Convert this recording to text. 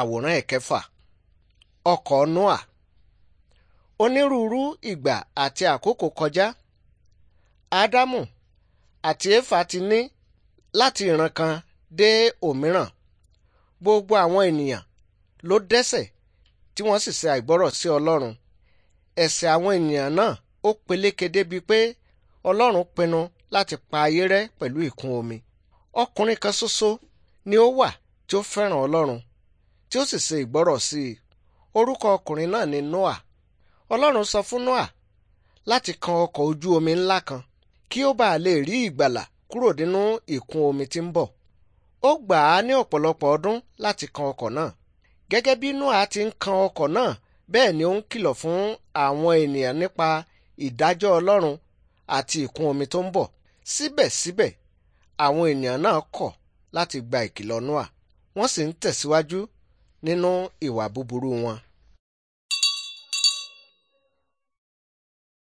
àwòrán ẹ̀kẹfà ọkọ̀ noah onírúurú ìgbà àti àkókò kọjá ádámù àti éfà ti ní láti ìran kan dé òmíràn gbogbo àwọn ènìyàn ló dẹ́ṣẹ̀ tí wọ́n sì ṣe àìgbọ́rọ̀ sí ọlọ́run ẹ̀ṣẹ̀ àwọn ènìyàn náà ó peléke débi pé ọlọ́run pinnu láti pa ayé rẹ́ pẹ̀lú ìkún omi ọkùnrin kan ṣoṣo ni ó wà tí ó fẹ́ràn ọlọ́run tí ó sì ṣe ìgbọ́rọ̀ sí i orúkọ ọkùnrin náà ni noah ọlọ́run sọ fún noah láti kan ọkọ̀ ojú omi ńlá kan kí ó bàa lè rí ìgbàlà kúrò nínú ìkún omi tí ń bọ̀ ó gbà á ní ọ̀pọ̀lọpọ̀ ọdún láti kan ọkọ̀ náà gẹ́gẹ́ bí noah ti ń kan ọkọ̀ náà bẹ́ẹ̀ ni ó ń kìlọ̀ fún àwọn ènìyàn nípa ìdájọ́ ọlọ́run àti ìkún omi tó ń bọ̀ síbẹ̀síbẹ̀ àwọn ènìyàn náà kọ̀ láti gba ìkìlọ̀ noah wọ́n sì ń tẹ̀síwájú nínú ìwà búburú wọn.